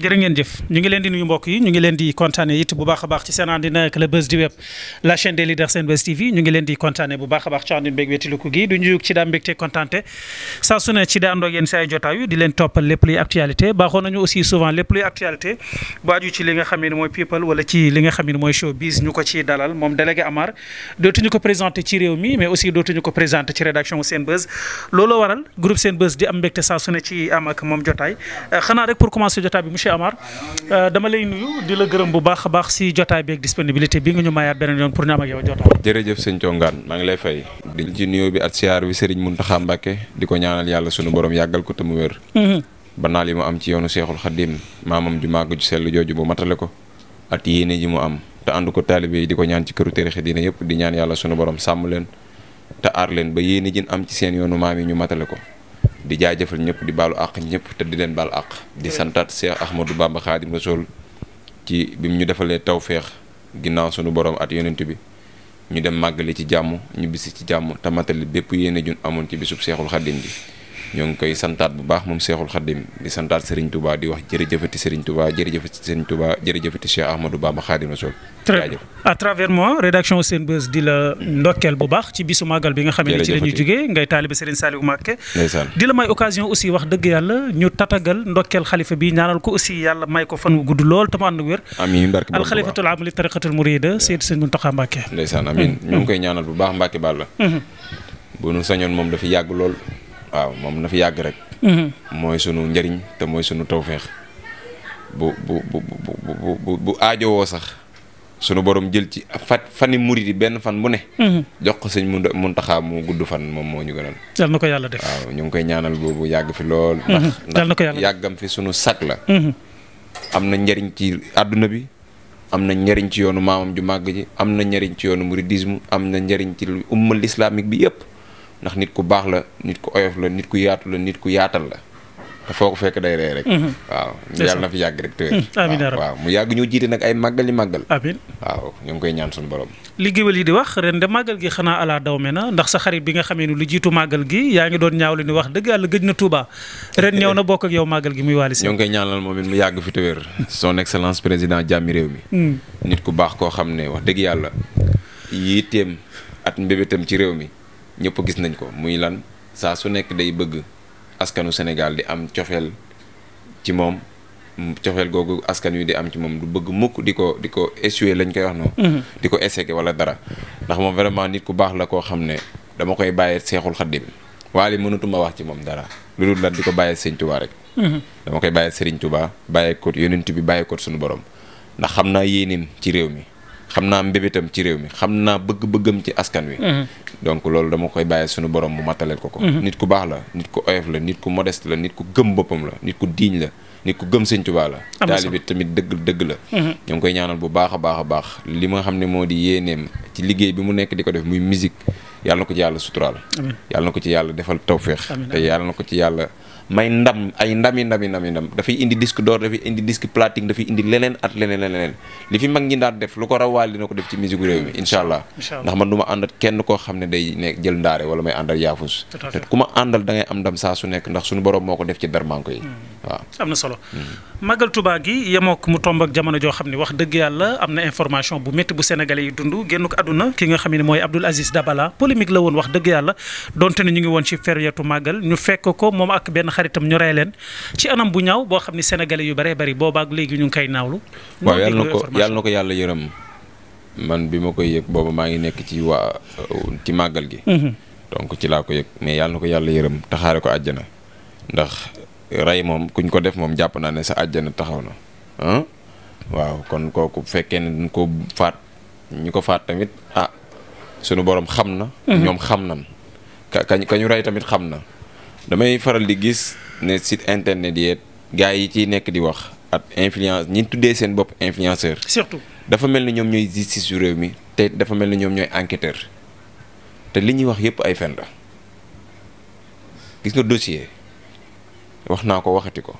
jërë ngeen jëf ñu ngi leen di nuyu mbokk yi ñu ngi leen di kontaane it bu baax a baax ci seen àndina ak le buzz du web la chaîne des leaders Senbuzz TV ñu ngi leen di kontaane bu baax baax ci àndin béeg wetiluku gi du ñu yug ci daa mbégte kontaante saa su ci daa àndoog yéen say jotaayu di leen toppal lépp luy actualité baaxoon bu aju ci ci li nga xam ne mooy showbiz ñu ko ci dalal moom délégué Amar dootuñu ko présenté ci réew mi mais aussi dootuñu ko présenté ci rédaction ak moom jotaay euh, xanaa monsieur euh, dama lay nuyu di la gërëm bu baax a baax si jotaay bi ak disponibilité bi nga ñu maayaat beneen yoon pour ñu am ak yow jotaay. jërëjëf sëñ Thiongaan ngi lay fay. di ci nuyoo bi at siyaar bi Serigne Mountakha Mbacké di ko ñaanal yàlla sunu borom yàggal ko te mu wér. Mm-hmm. ba naal yi mu am ci yoonu Seexul Xadim maamam ju màgg ju sell jooju mu matale ko at yéene ji mu am te ànd ko taalibe yi di ko ñaan ci këru tariixa diine yëpp di ñaan yàlla sunu borom sàmm leen te aar leen ba yéene jin am ci seen yoonu maam yi ñu matale ko di jaajëfal ñëpp di baalu àq ñëpp te di leen baal àq di santaat Cheikh Ahmadou Bamba Khadim Rasoul ci bi mu ñu defalee tawféex ginnaaw sunu borom at yonent bi ñu dem màggali ci jàmm ñibbisi bisi ci jàmm tamatali bépp yéene jun amoon ci bisub Seexul Xadim bi ñoo ngi koy santaat bu baax moom Seexul Xaddim di santaat Serigne Touba di wax jërëjëfati Serigne Touba jërëjëfati Serigne Touba jërëjëfati Cheikh Ahmadou Bamba Xaadimu Rasuul. très bien à travers di la ndokkeel bu baax ci bisu màggal bi nga xam ne ci la ñuy jógee ngay taalibe Serigne Saliou Mbacké. ndeysaan di la may occasion aussi wax dëgg yàlla ñu tatagal ndokkeel xalifa bi ñaanal ko aussi yàlla may ko fan wu gudd lool te mu ànd wér. amiin barke al xalifatul aam li tariqatul murida Seydi Serigne Mountakha Mbacké. ndeysaan amiin mm-hmm. ñu ngi koy ñaanal bu baax Mbacké Balla mm-hmm. bu nu sañoon moom dafa lool waaw moom na fi yàgg rek. Mm-hmm. mooy sunu njëriñ te mooy sunu tawféex bu bu bu bu bu bu aajowoo sax sunu borom jël ci fat fani murit yi benn fan bu ne. Mm-hmm. jox ko mun Muntaxa mu gudd fan moom moo ñu gënal. dal na ko yàlla def waaw ñu ngi koy ñaanal boobu yàgg fi lool. Mm-hmm. dal na ko ndax yàggam fi sunu sag la. am na njëriñ ci àdduna bi. am na njëriñ ci yoonu maamam ju màgg ji am na njëriñ ci yoonu muridisme am na njëriñ ci umma islamique bi yëpp. ndax nit ku baax la nit ku oyof la nit ku yaatu la nit ku yaatal la te foo ko fekk day ree rek mhm. waaw yàlla fi yàgg rek tëwér mhm. waaw mu yàgg ñoo jiite nag ay màggali yi màggal amiin waaw ñu ngi koy ñaan suñu borom li géwél yi di wax ren de màggal gi xanaa alaa daw me na ndax sa xarit bi nga xamee ni lu jiitu màggal gi yaa ngi doon ñaaw li ni wax dëgg yàlla gëj na Touba ren ñëw na bokk ak yow màggal gi muy waali si ñoo ngi koy ñaanal moom it mu yàgg fi tëwér son excellence président jàmmi réew mi mm. nit ku baax koo xam ne wax dëgg yàlla yitteem at mbébétam ci réew mi ñëpp gis nañ ko muy lan saa su nekk day bëgg askanu Sénégal di am cofeel ci moom cofeel googu askan wi di am ci moom du bëgg mukk di ko di ko essuyer lañ koy wax noonu. Mm-hmm. di ko ességuer wala dara ndax moom vraiment nit ku baax la koo xam ne dama koy bàyyee seexul xaddim waaye mënatuma wax ci moom dara lu dul la di ko bàyyee Sëñ Tuubaa rek. Mm-hmm. dama koy bàyyee Sëriñ Tuubaa bàyyee ko yonent bi bàyyee ko suñu borom ndax xam naa yéenim ci réew mi. xam naa mbébétam ci réew mi xam naa bëgg-bëggam ci askan wi. Mhm. donc loolu dama koy bàyyi sunu borom mu mattaleel ko ko. Mhm. nit ku baax la nit ku oyof la nit ku modeste la nit ku gëm boppam la nit ku diiñ la. nit ku gëm sëñ Tuubaa la taalibi tamit dëgg dëgg la mhm. ñoo ngi koy ñaanal bu baax a baax a baax li ma xam ne moo di yéeneem ci liggéey bi mu nekk di ko def muy musique yàlla na ko ci yàlla suturaal yàlla na ko ci yàlla defal tawféex te yàlla na ko ci yàlla may ndam ay ndami ndami ndami ndam dafay indi disque d'or dafay indi disque platine dafay indi leneen at leneen li fi mag ñi daan def lu ko rawaal ko def ci musique réew mi incha allah ndax man du ma àndat kenn koo xam ne day nekk jël ndaare wala may da ngay am ndam saa su nekk ndax suñu borom moo ko def ci darmanko yi hmm. waaw am na solo màggal hmm. Tuubaa gi yemook mu tomb ak jamono joo xam ne mooy Abdoul Aziz Dabala polémique la woon wax dëgg yàlla donte ne ñu ngi woon ci feryetu màggal ñu fekk ko xaritam ñu rey leen ci anam bu ñaaw boo xam ne sénégalais yu bëree bëri boobaak léegi ñu ngi koy naawlu. waaw yàlla na ko yàlla ko yàlla yërëm man bi ma koy yëg booba maa ngi nekk ci waa ci màggal gi. Mhm. donc ci laa ko yëg mais yàlla ko yàlla yërëm taxaare ko àjjana ndax rey moom kuñ ko def moom jàpp naa ne sa àjjana taxaw na waaw kon kooku bu fekkee ne duñ ko faat ñu ko faat tamit ah sunu boroom xam na. Mhm. ñoom xam nañ. ka kañu rey tamit xam na. damay faral di gis ne site internet yi gars yi ciy nekk di wax ak influence ñi tuddee seen bopp influenceur. surtout dafa mel ni ñoom ñooy justice yu réew mi te dafa mel ni ñoom ñooy enquêteur te li ñuy wax yëpp ay fen la gis nga dossier wax naa ko waxati ko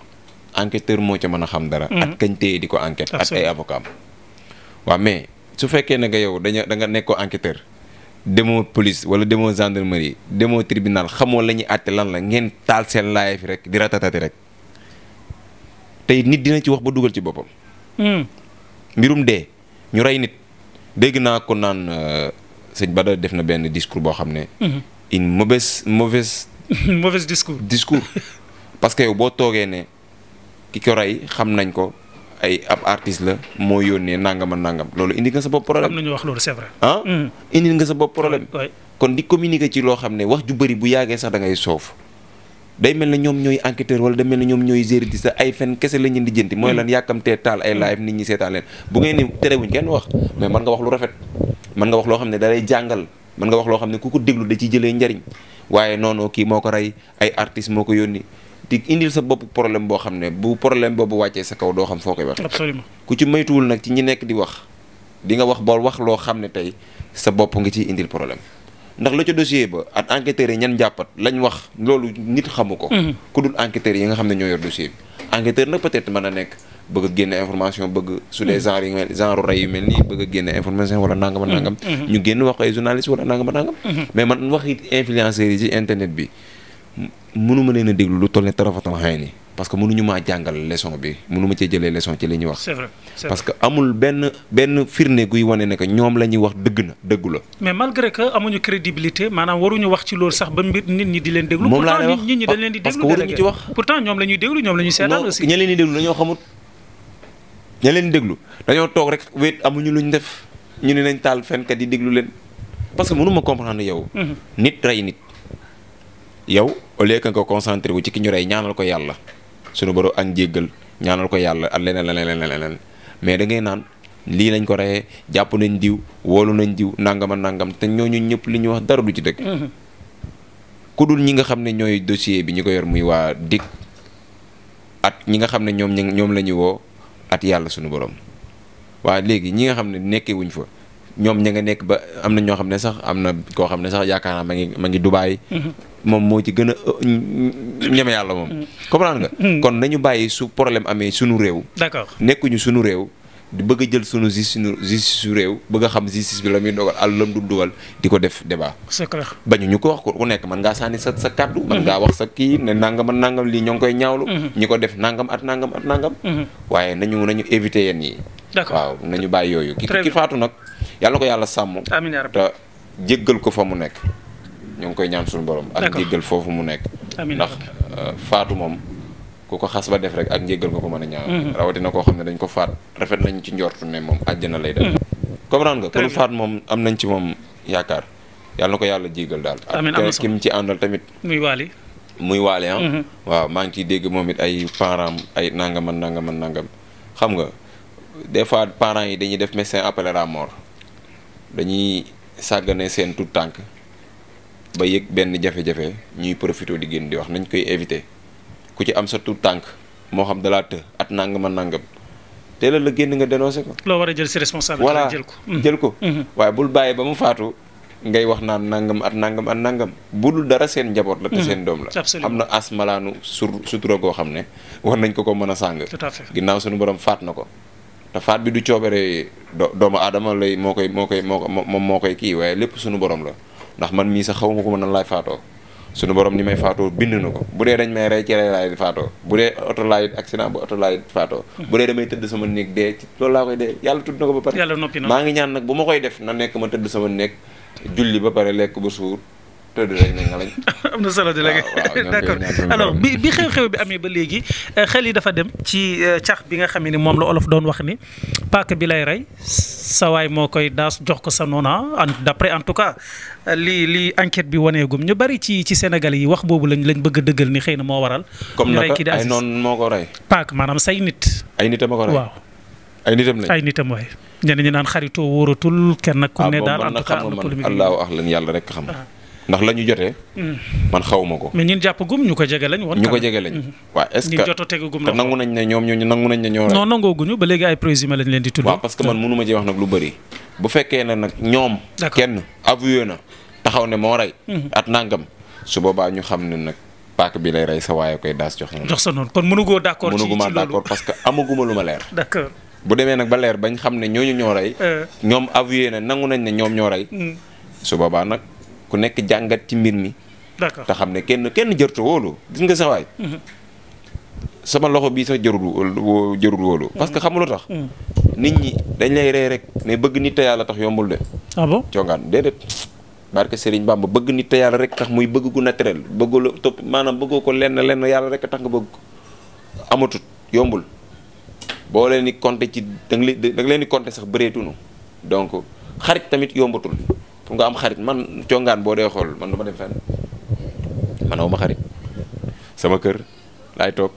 enquêteur moo ca mën a xam dara. Mm-hmm. ak kañ téye di ko enquête. ak ay avocat am waaw mais su fekkee ne nga yow dañu da nga nekk ko enquêteur. demoo police wala demoo gendarmerie demoo tribunal xamoo la ñuy àtte lan la ngeen taal seen laay fi rek di ratatati rek tey nit dina ci wax ba dugal ci boppam. Hmm. mbirum dee ñu rey nit dégg naa ko naan euh, sëñ Bada def na benn discours boo xam ne. Hmm. une mauvaise mauvaise. mauvaise discours discours. parce que boo toogee ne ki ko rey xam nañ ko. ay ab artiste la moo yónnee nangam ak nangam loolu indi nga sa bopp problème. am na wax loolu c'est vrai. ah hmm. nga sa bopp problème. kon di communiquer ci loo xam ne wax ju bëri bu yàggee sax dangay soof. day mel ne ñoom ñooy enquêteur wala day mel ne ñoom ñooy gérédiste ay fen kese la ñuy lijjanti mooy hmm. lan yàkkamtee taal ay live hmm. nit ñi seetaan leen bu ngeen ni terewuñ kenn wax mais mën nga wax lu rafet mën nga wax loo xam ne da jàngal mën nga wax loo xam ne ku ko déglu da ciy jëlee njariñ waaye noonu kii moo ko rey ay artiste moo ko yónni di indil sa bopp problème boo xam ne bu problème boobu wàccee sa kaw doo xam foo koy wax ku ci maytuwul nag ci ñi nekk di wax di nga wax ba wax loo xam ne tey sa bopp nga ciy indil problème ndax la ca dossier ba ak enquêteurs yi ñan jàppat lañ wax loolu nit xamu ko. Mhm. ku dul enquêteurs yi nga xam ne ñoo yor dossier bi. enquêteur nag peut-être a nekk bëgg a génne information bëgg su dee mhm. genre yu mel genre rey yu mel nii bëgg a génne information wala nangam mhm. nangam. ñu génn wax ay bi. mënuma leen a déglu lu toll ne tarafatal xëy ni parce que mënuñu maa jàngal leçon bi mënuma cee jëlee leçon ci li ñuy wax. parce que ñoom la ñuy wax dëgg na dëggu la. mais malgré que amuñu crédibilité maanaam waruñu wax ci loolu sax ba mbir nit ñi di leen déglu. moom laa pourtant nit ñi dañ leen di déglu. parce que leen di déglu dañoo dañoo toog rek wéet amuñu luñ def ñu ne nañ taal fenkat yi déglu leen parce que mënuma comprendre yow mm-hmm. nit rey nit yow au li que nga concentré wu ci ki ñu rey ñaanal ko yàlla sunu borom ak njéggal ñaanal ko yàlla ak leneen leneen leneen mais da ngay naan lii lañ ko reyee jàpp nañ diw woolu nañ diw nangam nangam te ñooñu ñëpp li ñuy wax dara du ci dëgg. Mm-hmm. ku dul ñi nga xam ne ñooy dossier bi ñu ko yor muy waa DIC at ñi nga xam ne ñoom ñoom la ñu woo at yàlla sunu borom waaye léegi ñi nga xam ne nekkee wuñ fa. ñoom ña nga nekk ba am na ñoo xam ne sax am na koo xam ne sax yaakaar naa ma ngi ma ngi Dubaay. Mm-hmm. moom moo ci gën a euh, ñeme yàlla moom. comprendre nga. Mm. Mm. kon nañu bàyyi su problème amee sunu réew. d'accord nekkuñu sunu réew. di bëgg jël sunu justice sunu justice su réew bëgg a xam justice bi la muy dogal àll lam du dugal di ko def débat. c'est clair bañu ñu ko wax ko ku nekk mën ngaa sànni sa sa kàddu. man ngaa mm-hmm. wax sa kii ne nangam ak nangam lii ñoo ngi koy ñaawlu. Mm-hmm. ñi ko def nangam at nangam at nangam. Mm-hmm. waaye nañu nañu éviter yenn yi. waaw nañu bàyyi yooyu. ki faatu nag yàlla ko yàlla sàmm. amiin te jéggal ko fa mu nekk. ñu ngi koy ñaan suñu borom ak njéggal foofu mu nekk ndax euh, faatu moom ku ko xas ba def rek ak njéggal nga ko mën a ñaan mm-hmm. rawatina koo xam ne dañ ko faat rafet nañu ci njortu ne moom àjjana lay dem mm-hmm. comprendre nga kon faat moom am nañ ci moom yaakaar yàlla ko yàlla jégal daal ak ki mu ci àndal tamit muy waali muy waale ah mm-hmm. waaw maa ngi ciy dégg moom it ay parents ay nangaman nangaman nangam xam nga des fois parents yi dañuy def médecin appelé à dañuy sàggane seen tout tànk ba yëg benn jafe-jafe ñuy profité di génn di wax nañ koy éviter ku ci am sa tout tànk moo xam dalaa të at nangama nangam teel a la génn nga dénoncé ko. loo war a jël si responsable. voilà jël ko jël ko. Mm-hmm. Mm-hmm. waaye bul bàyyi ba mu faatu ngay wax naan nangam at nangam at nangam budul dara seen njaboot la. te mm-hmm. seen doom la. am na as malaanu sur sutura goo xam ne war nañ ko ko mën a sàng. tout à fait ginnaaw suñu borom faat na ko. te faat bi du coobare doomu aadama lay moo koy moo koy moo moom moo koy kii waaye lépp suñu borom la. ndax man mii sax xaw ma ko mën nan laay faatoo suñu borom ni may faatoo bind na ko bu dee dañ may rey ci rey laay faatoo bu dee oto laay accident bu oto laay faatoo bu dee damay tëdd sama néeg dee ci loolu laa koy dee yàlla tudd na ko ba pare maa ngi ñaan nag bu ma koy def na nekk ma tëdd sama néeg julli ba pare lekk ba suur tëdd rek ne am na solo de la d' accord alors bi bi xew-xew bi amee ba léegi xel yi dafa dem ci cax bi nga xam ne moom la olof doon wax ni paaka bi lay rey sawaay moo koy daas jox ko sa noona d' après en tout cas li li enquête bi waneegum ñu bari ci ci Sénégal yi wax boobu lañ lañ bëgg a dëggal ni xëy na moo waral. comme naka ay noon moo ko rey. paak say nit. ay nitam a ko rey waaw. ay nitam lañ ay nitam waay ñeneen naan xaritoo wóoratul kenn ku ne daal en tout cas am na polémique yàlla rek xam. ndax la ñu jotee. Mm. man xawma ko. mais ñun jàpp gum ñu ko jege lañ. ñu ko jege lañ. Mm-hmm. waaw est-ce que tegu gum la nangu nañ ne ñoom ñoo. non nangooguñu ba léegi ay présumé lañ leen di tudd. waaw parce ne nag ñoom. kenn na taxaw mm-hmm. su boobaa ñu xam ne nag paak bi lay rey sa waaye koy daas jox na. jox sa noonu kon mënugoo d'accord ci ci loolu mënuguma d'accord parce que amaguma ma leer. d'accord bu demee nag ba leer bañ xam ne ñooñu ñoo rey. Euh. ñoom avoué na nañ ne ñoom ñoo rey mm. su boobaa nag ku nekk jàngat ci mbir mi. d'accord te xam ne kenn kenn jërtu wóolu gis nga sa mhm. sama loxo bii sax jërul jërul mhm. parce que xamuloo tax. Mhm. nit ñi dañ lay rey rek mais bëgg nit te yàlla tax yombul de. ah bon congaan déedéet. barke Serigne Bamba bëgg nit te rek tax muy bëgg gu naturel bëggu topp maanaam bëggoo ko lenn lenn yàlla rek tax nga bëgg amatut yombul boo leen di compter ci da nga leen di compter sax bëreetunu donc xarit tamit yombatul. pour nga am xarit man congaan boo dee xool man du ma dem fenn man aw ma xarit sama kër laay toog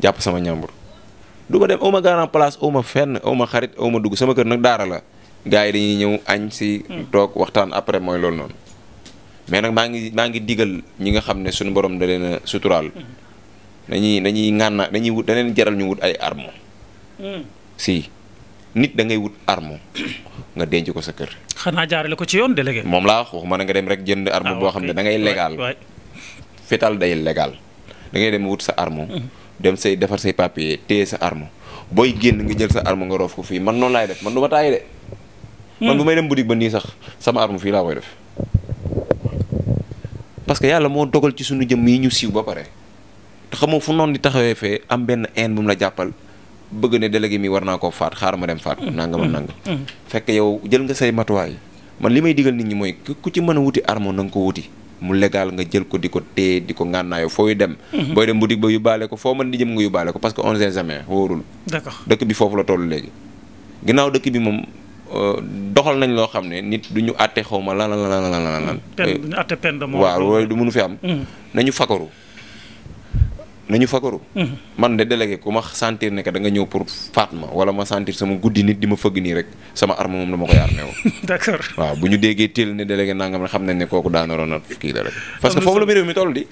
jàpp sama ñàmbur du ma dem aw ma garant place aw ma fenn a ma xarit aw ma dugg sama kër nag daara la gars yi dañuy ñëw añ si hmm. toog waxtaan après mooy lool noonu mais nag maa ngi maa ngi digal ñi nga xam ne suñu borom da leen a suturaal dañuy hmm. dañuy ŋànna dañuy wut da leen jaral ñu wut ay armo hmm. si nit da ngay wut armo nga denc ko sa kër. xanaa jaarale ko ci yoon délégué. moom laa wax waxuma na nga dem rek jënd ah, arme boo xam ne da ngay légal fétal day legal dangay dem wut sa armo mhm. dem say defar say papier téye sa armo booy génn nga jël sa arme nga roof ko fii man noonu laay def man du ma taay de. man hmm. bu may dem boutique ba nii sax sama arme fii laa koy def parce que yàlla moo dogal ci suñu jëm yi ñu siiw ba pare te xamoo fu noonu di taxawee fee am benn haine bu mu la jàppal. bëgg ne délégué mi war naa koo faat xaar ma dem faat ko nangam ak nangam fekk yow jël nga say matuwaay man li may digal nit ñi mooy ku ci man a wuti arme na nga ko wuti mu légal nga jël ko di ko téye di ko ngànnaayoo fooy dem mhm. booy dem boutique ba baale ko foo man di jëm nga baale ko parce que on sait jamais wóorul dëkk bi foofu la toll léegi ginnaaw dëkk bi moom euh, doxal nañ loo xam ne nit du ñu àtte xaw ma lan lan lan lan lan lan waaw loolu du mënu fi am mhm. nañu fakaru nañu fagaru. Mhm. man de délégué ku ma sentir ne que ñëw pour faat ma wala ma sentir sama guddi nit di ma fëgg nii rek sama arme moom dama ko yaar neew. waaw bu ñu déggee teel ne délégué nangam rek xam nañ ne kooku daan naroon na kii la rek. parce que foofu la réew mi toll di.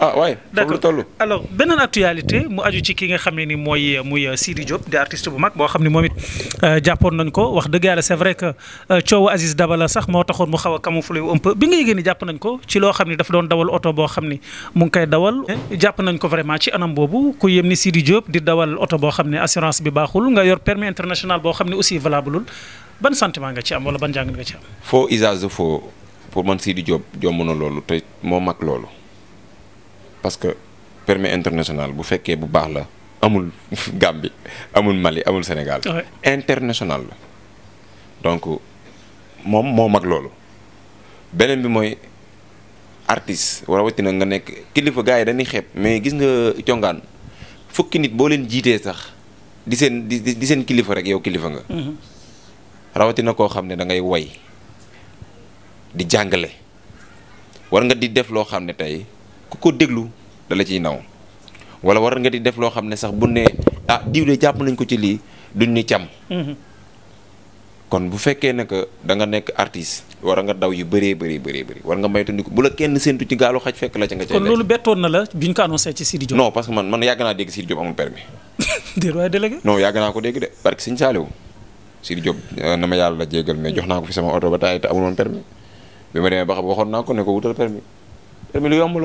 ah waaye. foofu actualité mu aju ci ki nga xam ne ni muy euh, Sidi Diop di artiste bu mag boo xam ne moom it euh, jàppoon nañ ko wax dëgg c'est vrai que euh, coowu Aziz Dabala sax moo taxoon également ci anam boobu ku yem ni Sidi Diop di dawal oto boo xam ne assurance bi baaxul nga yor permis international boo xam ne aussi valable ban sentiment nga ci am wala ban jàng nga ci am. faux usage faux pour man Sidi Diop jomb na loolu te moo mag loolu parce que permis international bu fekkee bu baax la amul Gambie amul Mali amul Sénégal. international la donc moom moo mag loolu beneen bi mooy. artiste rawatina nga nekk kilifa gars yi dañuy xeeb mais gis nga congaan fukki nit boo leen jiitee sax di seen di seen kilifa rek yow kilifa nga. Mhm. rawatina koo xam ne da ngay way di jàngale war nga di def loo xam ne tey ku ko déglu dala ciy naw wala war nga di def loo xam ne sax bu ne ah diw jàpp nañ ko ci lii duñ ni cam. Mhm. kon bu fekkee ne que nga nekk artiste war nga daw yi bëree bëri bëri bëri war nga maytandiku bu la kenn séentu ci gaalu xaj fekk la ci nga cay kon loolu bettoon na la bi ñu ko annoncé ci Sidi Diop non parce naa dégg Sidi Diop amul permis déet waaye délégué non yàgg euh, na ma yàlla jégal mais jox naa ko fi sama oto ba taay te amul permis bi ma demee ba waxoon naa ko ne wutal permis permis lu yomb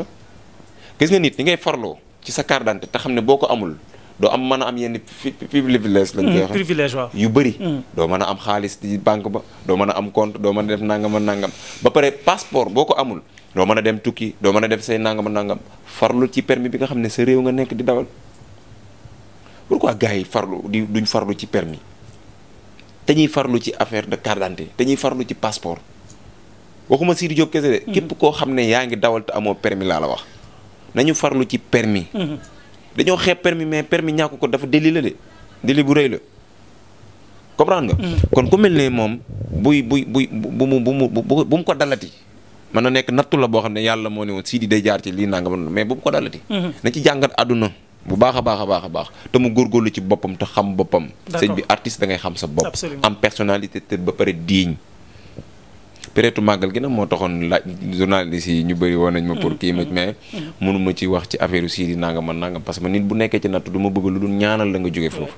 gis nga nit ni ngay farloo ci sa carte d'identité te xam ne boo ko amul doo am mën a am yenn privilège lañ hmm, koy wax privilège waaw yu bëri hmm. doo mën a am xaalis ci banque ba doo mën a am compte doo mën a def nangam a nangam ba pare passeport boo ko amul doo mën a dem tukki doo mën a def say nangam a nangam farlu ci permis bi nga xam ne sa réew nga nekk di dawal pourquoi gars yi farlu di duñ farlu ci permis dañuy farlu ci affaire de carte d'identité dañuy farlu ci passeport waxuma Sidi Diop kese de hmm. képp koo xam ne yaa ngi dawal te amoo permis laa la wax nañu farlu ci permis dañoo xeeb permis mais permis ñàkk ko dafa déli la de déli bu rëy la comprendre nga. Mm. kon ku mel ne moom buy buy buy bu mu bu mu bu mu ko dalati. mën na nekk nattu la boo xam ne yàlla moo ne woon sii di day jaar ci lii nangam mais bu mu ko dalati. Mm-hmm. na ci jàngat àdduna bu baax a baax a baax baax te mu góorgóorlu ci boppam te xam boppam. sëñ bi artiste da xam sa bopp. am personnalité te ba pare diiñ pérétu màggal gi nag moo taxoon laaj journaliste yi ñu bëri woon nañ ma pour mm. kii ma mais mm. mënuma ci wax ci affaire u Sidy nangam man nanga parce que nit bu nekkee ci natt du ma bëgg lu dul ñaanal la nga jóge foofu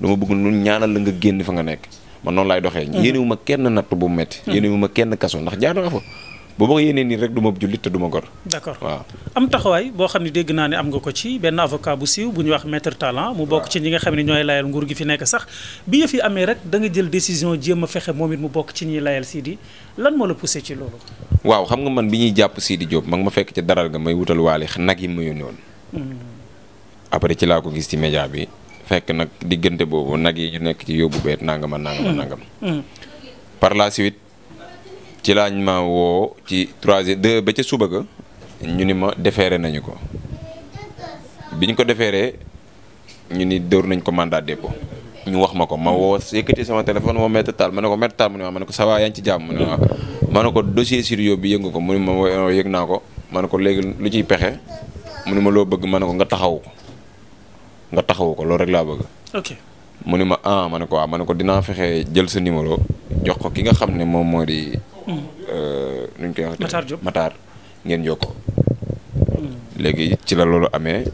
du bëgg lu dul ñaanal la nga génn fa nga nekk man noonu laay doxee mm. yéene wu ma kenn natt bu metti yéene ma kenn kaso ndax jaadu nga bu ma yéenee nii rek du ma jullit te du ma gor. d'accord waaw am taxawaay boo xam ne dégg naa ne am nga ko ci benn avocat bu siiw bu ñu wax maître Tallan mu bokk ci ñi nga xam ne ñooy layal nguur gi fi nekk sax bi yëf yi amee rek danga jël décision jéem a fexe moom it mu bokk ci ñiy layal Sidi lan moo la poussé ci loolu. waaw xam nga man bi ñuy jàpp Sidi di ma nga ma fekk ca daral nga may wutal waale nag yi ma yónni woon. Hmm. après ci laa ko gis ci média bi fekk nag diggante boobu nag yi ñu nekk ci yóbbu beet nangam ak nangam ak hmm. nangam. Hmm. par la suite. ci laañ ma woo ci troisième deux ba ca suba ka ñu ni ma defeere nañu ko bi ñu ko defeeree ñu ni dóor nañ ko mandat dépôt ñu wax ma ko ma woo yëkkati sama téléphone woo Maître taal ma ne ko Maître Tall mu ne ma ne ko ça va yaa ngi ci jàmm ma ne ko dossier sérieux bi yëngu ko mu ne ma yëg naa ne ko léegi lu ciy pexe mu ne ma loo bëgg ma ne ko nga taxawu ko nga taxawu ko loolu rek laa bëgg. ok mu ne ma ah ma ne ko waaw ma ne ko dinaa fexe jël sa numéro jox ko ki nga xam ne moom moo di. Hmm. Euh, nuñ koy waxatee Matar ngeen jokkoo léegi ci la loolu amee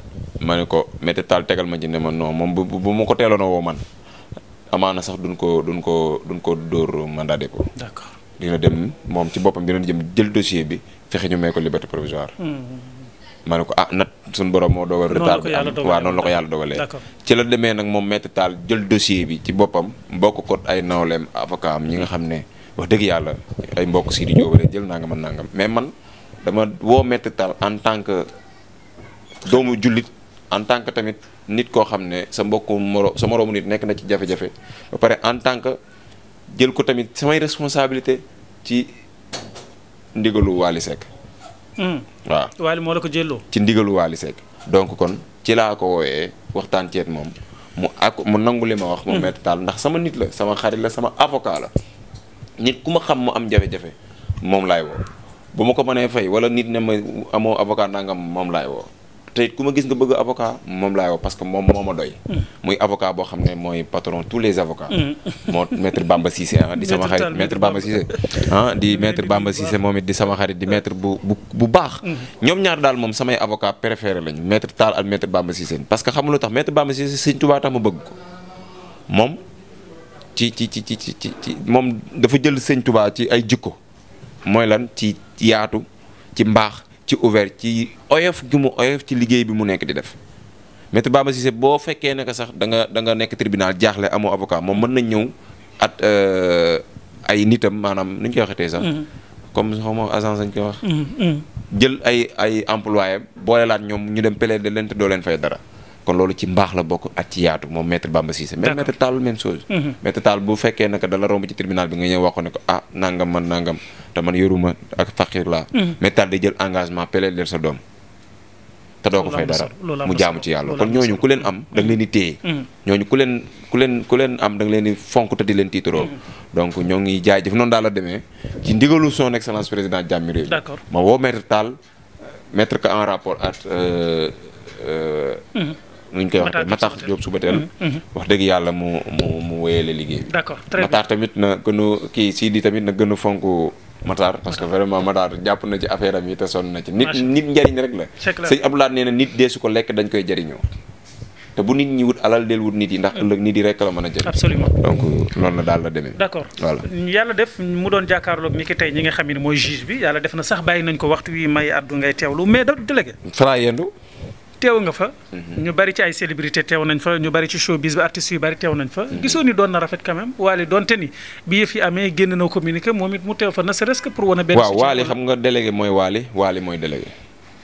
ma ne ko métti taal tegal ma ci ne ma non moom bu bu ma ko teeloon woo man amaana sax duñ ko duñ ko duñ ko dóor mandat de dépôt. d'accord dina dem moom ci boppam dina jëm jël dossier bi fexe ñu may ko liberté provisoire. Hmm. ma ne ko ah nat suñu borom moo dogal retard bi am waaw noonu la ko yàlla dogalee ci la demee nag moom métti taal jël dossier bi ci boppam bokk ko ay nawleem avocat am ñi nga xam ne wax dëgg yàlla ay mbokk si di jóobale jël nangam naa nangam mais man dama woo mettital en tant que doomu jullit en tant que tamit nit koo xam ne sa mbokku moro sa moroomu nit nekk na ci jafe-jafe ba pare en tant que jël ko tamit samay responsabilité ci ndigalu Waly Seck hmm. waaw Waly moo la ko jëloo ci ndigalu Waly Seck donc kon ci laa ko wooyee waxtaan ceet moom mu ak mu nangu li ma wax. mu hmm. métti taal ndax sama nit la sama xarit la sama avocat la. nit ku ma xam mu am jafe-jafe moom laay woo bu ma ko mënee fay wala nit ne ma amoo avocat nangam moom laay woo te it ku ma gis nga bëgg avocat moom laay woo parce que moom moo ma doy. Mm. muy avocat boo xam ne mooy patron tous les avocats. Mm. moo maître Bamba Cissé di sama xarit maître Bamba Cissé ah di maître Bamba moom it di sama xarit di mm. maître bu bu bu baax. ñoom ñaar daal moom samay avocat préféré lañu maître Tall ak maître Bamba Cissé parce que xam lu tax maître Bamba Cissé Sëñ ma bëgg ko moom. ci ci ci ci ci ci moom dafa jël sëñ Touba ci ay jikko mooy lan ci yaatu ci mbaax ci ouvert ci oyof gi mu oyof ci liggéey bi mu nekk di def Maître Bamba Cissé boo fekkee ne sax danga nga da nga nekk tribunal jaaxle amoo avocat moom mën nañ ñëw at euh, ay nitam maanaam nu ñu koy waxatee sax. Mm-hmm. comme xaw ma agence lañ koy wax. Mm-hmm. jël ay ay employé boole laat ñoom ñu dem plaider leen te doo leen fay dara. kon loolu ci mbaax la bokk ak ci yaatu moom metre Bamba Cissé mais maître Tall même chose mhm. maître Tall bu fekkee naka dala bi nga ko ne ko ah nangam man nangam te man yoruma ak faqir laa mhm. maître Tall day jël engagement peleel leen sa doom te doo ko fay mu jaamu ci yàlla kon ñooñu ku leen am da nga leen di téye mhm. ku leen ku leen ku leen am da leen di fonk te di leen tiitaroo donc ñoo ngi jaajëf noonu daal la demee ci ndigalu son excellence président jàmmi réew ma woo maître Tall mettre ko en rapport ak euh, euh, nuñ koy wax Matar Diop Soubatel mm-hmm, mm-hmm. wax dëgg yàlla mu mu mu wéyale liggéey bi d'accord très tamit na gën a kii Sidi tamit na gën a fonk Matar parce que vraiment Matar jàpp na ci affaire yi te sonn na ci nit nit njariñ rek la sëñ Abdoulaye nee nit dee su ko lekk dañ koy jariñoo te bu nit ñi wut alal del wut nit yi ndax mm. ëllëg nit yi rek la mën a jël absolument donc loolu la daal la demee d'accord voilà yàlla def mu doon jàkkaarloog ni ki tey ñi nga xam ne mooy juge bi yàlla def na sax bàyyi nañ ko teew nga fa. Mhm. ñu bari ci ay célébrité teew nañ fa ñu bari ci showbiz bi artistes yu bari teew nañ fa. gisoo ni doon na rafet quand même Wally donte ni bi yëf yi amee génn na communiqué moom it mu teew fa ne serait-ce que pour wane benn. waaw Wally xam nga délégué mooy Wally Wally mooy délégué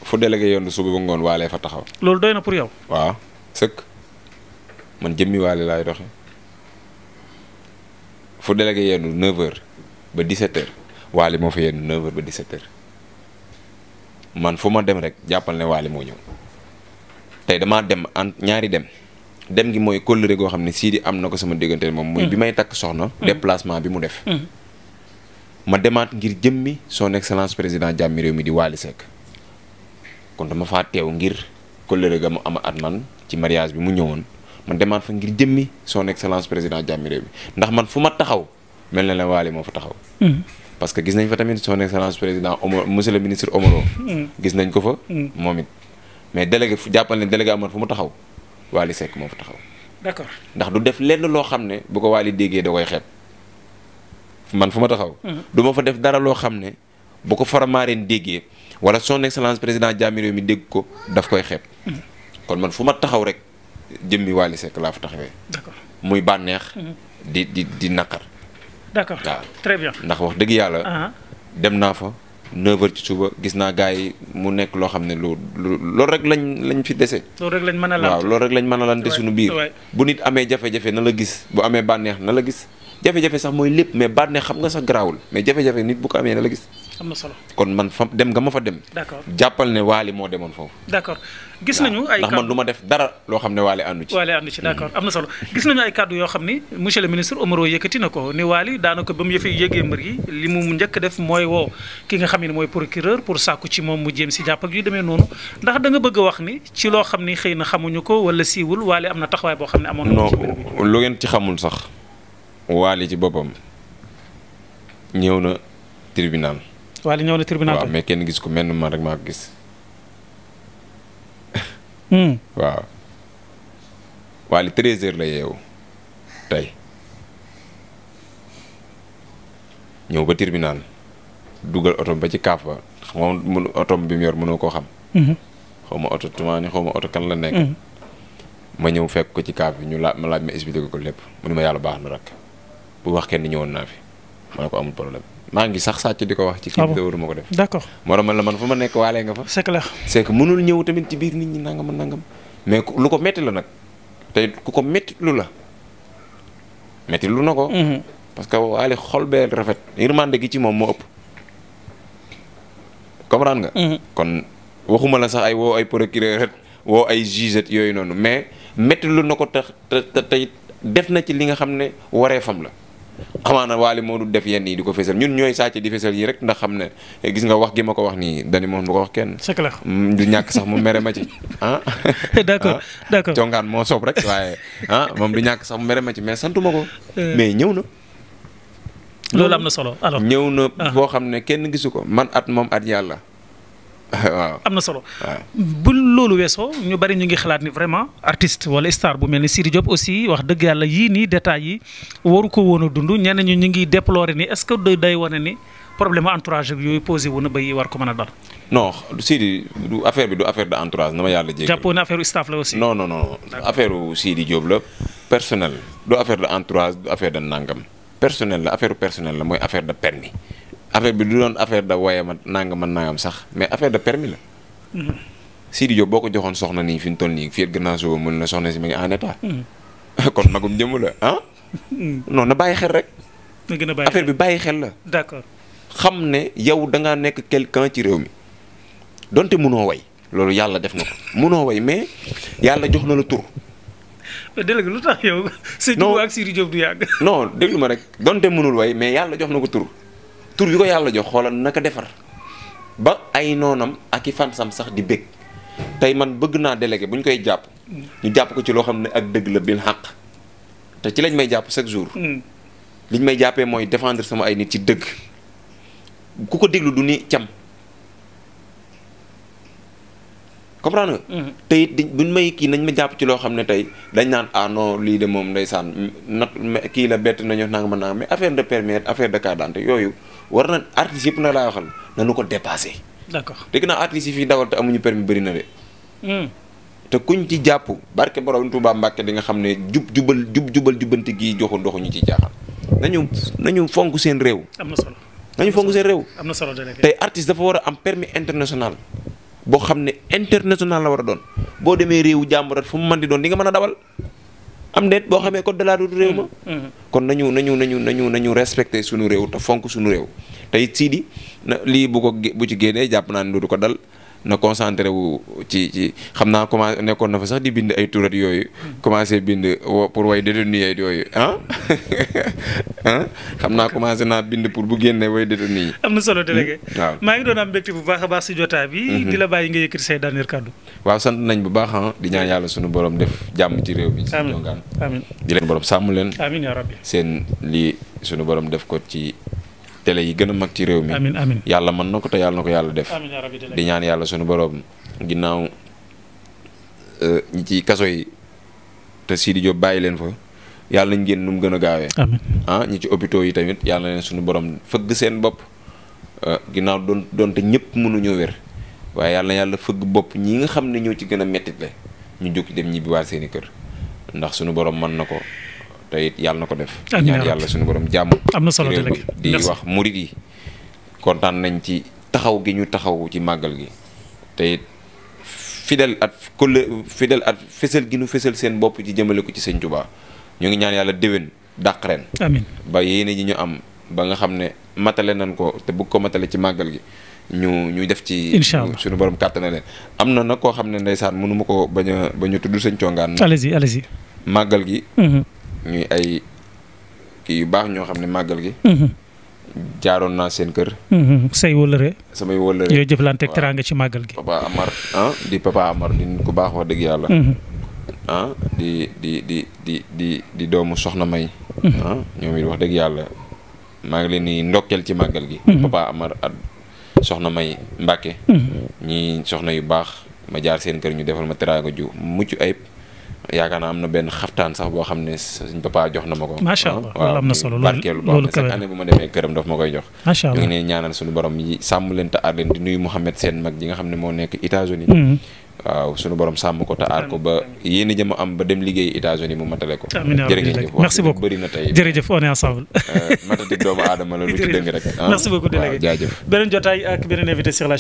fu délégué yoon suba ba ngoon Wally fa taxaw. loolu doy na pour yow. waaw sëkk man jëmmi ba 17h Wally moo fa yendu 9h ba 17h man fu ma dem rek jàppal ne Wally moo ñëw. tey damaa dem en ñaari dem dem ngi mooy kóllëre goo xam ne sii Sidi am na ko sama diggante moom mooy mm. bi may takk soxna mm. déplacement bi mu def mm. ma demaat ngir jëmmi son excellence président jàmmi mi di Waly Seck kon dama faa teew ngir kóllëre ga mu am at man ci mariage bi mu ñëwoon ma demaat fa ngir jëmmi son excellence président jàmmi réew mi ndax man fu ma taxaw mel na la Waly moo fa taxaw parce que gis nañ fa tamit son excellence président Omar monsieur le ministre Omaro gis nañ ko fa moom it mais délégué fu jàppal ne délégué amoon fu mu taxaw Wally Seck moo fa taxaw. d'accord ndax du def lenn loo xam ne bu ko Wally déggee da koy xeeb man fu ma taxaw. Mhm. du ma fa def dara loo xam ne bu ko Faramareen déggee wala son excellence président Diamé réew mi dégg ko daf koy xeeb. Mhm. kon man fu ma taxaw rek jëmmi Wally Seck laa fa taxawee. muy bànneex. Mhm. di di di naqar. d'accord waaw ndax wax dëgg yàlla. Uh-huh. dem naa fa. neuf heures ci suba gis naa gars yi mu nekk loo xam ne lu loolu rek lañ lañ fi dese. loolu rek lañ mën a lante waaw loolu rek lañ mën a lante suñu biir. bu nit amee jafe-jafe na la gis bu amee bànneex na la gis. jafe-jafe sax mooy lépp mais ne xam nga sax garaawul mais jafe-jafe nit bu ko amee na la gis. am na solo kon man fa dem nga ma fa dem. d'accord jàppal ne waali moo demoon foofu. d'accord gis nañu ay. ndax man du ma def dara loo xam ne waali àndu ci. waali àndu ci mm. d'accord am na solo gis nañu ay yoo xam ni monsieur le ministre Omaro yëkkati na ko ni waali daanaka ba mu yëfee yëgee mbër yi li mu njëkk def mooy woo ki nga xam ne mooy procureur pour sàkku ci moom mu jéem si jàpp ak demee noonu ndax danga nga bëgg a wax ni ci loo xam ni xëy na xamuñu ko wala siiwul waali am na taxawaay boo xam ne amoon na lu ngeen ci xamul sax waali ci boppam ñëw na tribunal. waali ñëw na tribunal waaw mais kenn gis ko menn man rek maa gis. Hmm. waaw. waali treize heures la yeewu tey ñëw ba tribunal dugal otom ba ci kaaf ba xam nga mun otom bi mu yor mënoo koo xam. Hmm. xaw ma oto tumaani xaw ma oto kan la nekk. Hmm. ma ñëw fekk ko ci kaaf bi ñu laaj ma laaj ma expliqué ko lépp mu ne ma yàlla baax na rak bu wax kenn ñëwoon naa fi ma ne ko amul problème maa ngi sax sàcc di ko wax. ci kii bi ah de waruma ko def. d'accord moo man la man fu ma nekk waalee nga fa. c'est mënul ñëw tamit ci biir nit ñi nangam nangam mais lu ko métti la nag tey ku ko métti lu la métti lu na ko. Mhm. parce que waale xol bee rafet yërmande gi ci moom moo ëpp. comprendre nga. Mhm. waxuma la sax ay woo ay ay juge yooyu noonu mais métti lu na tax te te tey def na ci li nga xam ne wareefam la. amaana waali moo du def yenn yi di ko fësal ñun ñooy sàcc di fësal yi rek ndax xam ne eh, gis nga wax gi ma ko wax nii dani moom du ko wax kenn c'est clair mm, du ñàkk sax mu mere ma ci ah d'accord ah? d'accord congaan moo soob rek waaye ah moom du ñàkk sax mu mere ma ci mais santuma ko euh. mais ñëw na loolu am na solo alors ñëw na foo ah. xam ne kenn gisu ko man at moom at yàlla waaw am na solo. bu loolu weesoo ñu bari ñu ngi xalaat ni vraiment artiste wala star bu mel ni Sidy Diop aussi wax dëgg yàlla yii nii détails yi waru ko woon a dund ñenn ñu ñu ngi déplorer ni est-ce que day wane ni problème entourage yooyu posé wu na ba yi war ko mën a dal. non Sidy du affaire bi du affaire de entourage na ma yàlla jéggi. jàppoo ne affaire staff la aussi. non non non affaire Sidy Diop du affaire de entourage du affaire de nangam personnel la affaire personnel la mooy affaire de permis affaire bi du doon affaire da waaye ma nangam man nangam sax mais affaire de permis la. Sidi Diop boo ko joxoon soxna nii fi mu toll nii fii ak gannaaw suba mën na soxna si ma ngi en état. Mm. kon magum jëmm la ah. Mm. non na bàyyi xel rek. na gën a bàyyi xel affaire bi bàyyi xel la. d'accord xam ne yow da ngaa nekk quelqu'un ci réew mi donte mënoo way loolu yàlla def na ko mënoo way mais yàlla jox na la tur. délégué lu tax yow. Sidi Diop ak Sidi Diop du yàgg. non déglu ma rek donte mënul way mais yàlla jox na ko tur. tur bi ko yàlla jox xoolal naka defar ba ay noonam ak i sam sax di bëgg tey man bëgg naa délégué bu ñu koy jàpp ñu jàpp ko ci loo xam ne ak dëgg la bil xàq te ci lañ may jàpp chaque jour hmm. liñ may jàppee mooy défendre sama ay nit ci dëgg ku ko déglu du ni cam comprendre nga hmm. te it di buñ kii nañ ma jàpp ci loo xam ne tey dañ naan ah non lii de moom ndeysaan nat kii la bett nañu nanga ma nanga mais affaire de permis affaire de carte yooyu war na artistes yëpp na laa waxal nañu ko dépassé. d'accord dégg naa artistes yi fi dawal te amuñu permis bëri na de. Hmm. te kuñ ci jàpp barke borom Touba Mbacke di nga xam ne jub jubal jub jubal jubanti gii joxu ndoxu ñu ci jaaxal na ñu fonk seen réew. am na solo nañu fonk seen réew. am na solo tey artiste dafa war a am permis international boo xam ne international la war a doon boo demee réewu jàmburat fu mu mën di doon di nga mën a dawal. am déet boo xamee code de la route réew ma mm, mm, mm. kon nañu nañu nañu nañu nañu respecté suñu réew te fonk suñu réew tey sii di na lii bu ko bu ci génnee jàpp naa ne du ko dal na concentré wu ci ci xam naa commencé nekkoon na fa sax di bind ay turat yooyu commencé bind pour way détenu yeeg yooyu ah ah xam naa commencé naa bind pour bu génne way détenu yi am na solo hmm? délégué waaw maa ngi doon am mbégte bu baax a baax si jotaa bi hmm. di la bàyyi nga yëkkati say dernier kàddu waaw sant nañ bu baax ah di ñaa yàlla suñu borom def jàmm ci réew mi si jongaan amin di leen borom sàmm leen amin yaa rabbi seen lii sunu borom def ko ci télé yi gën a mag ci réew mi yàlla mën na ko te yàlla ko yàlla def di ñaan yàlla suñu borom ginnaaw euh, ñi ci kaso yi te Sidi Diop bàyyi leen fa yàlla nañ génn nu mu gën a gaawee ah ñi ci hôpitaux yi tamit yàlla na leen suñu borom fëgg seen bopp euh, ginnaaw doon doonte ñëpp mënuñoo wér waaye yàlla yàlla fëgg bopp ñi nga xam ne ñoo ci gën a mettit le ñu jóg dem ñibbi waat seen kër ndax sunu borom mën na ko te yàlla na ko def. ñaan yàlla suñu borom jàmm. am na solo di wax murid yi kontaan nañ ci taxaw gi ñu taxaw ci màggal gi tey it fidèle at colle fidèle at fësal gi nu fësal seen bopp ci jëmale ko ci sëñ Tuubaa ñu ngi ñaan yàlla déwén dàq ren. amiin ba yéene ji ñu am ba nga xam ne matale nañ ko te bugg ko matale ci màggal gi. ñu ñu def ci incha allah suñu borom kàttan na leen am na nag koo xam ne ndeysaan mënuma ko bañ a bañ tudd sëñ congaan allez-y allez-y màggal gi mm-hmm. ñuy ay kii yu baax ñoo xam ne màggal gi. Mhm. jaaroon naa seen kër. Mhm. say wëllëre. samay wëllëre yooyu jëflanteeg teraanga ci màggal gi. papa Amar ah, di papa Amar ku baax wax dëgg yàlla. Mhm. Ah, di doomu soxna May. Ah, ñoom wax dëgg yàlla maa ngi leen di ndokkeel ci màggal gi. papa Amar ak soxna May Mbàkke ñii soxna yu baax ma jaar seen kër ñu defal ma teraanga ju mucc ay yaakaar naa am na benn xaftaan sax boo xam ne suñ papa jox na ma ko. macha allah ah, loolu am na solo loolu barkeelu boo xam ne chaque année bu ma demee këram daf ma koy jox. macha ngi ne ñaanal suñu borom sàmm leen te aar di nuyu Mouhamed seen mag ji nga xam ne moo nekk États-Unis mm-hmm. waaw sunu borom sàmm ko te aar ko ba yéen jëm am ba dem liggéey États-Unis mu matale ko. amiin jërëjëf merci beaucoup bëri na tey jërëjëf on est ensemble. Euh, matatik doomu aadama la lu ci ah, beneen jotaay ak beneen invité la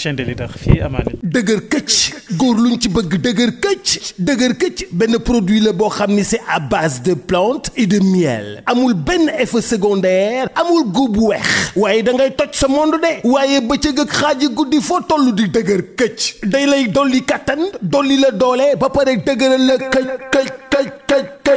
luñ ci bëgg dëgër këcc dëgër këcc benn produit la boo xam ni c'est à base de plantes et de miel amul benn effet secondaire amul góob bu weex waaye da ngay toj sa monde de waaye bëccëg ak xaaji guddi foo toll di dëgër këcc day lay dolli kattan dolli la doole ba pare dëgëral la këj këj këj këj këj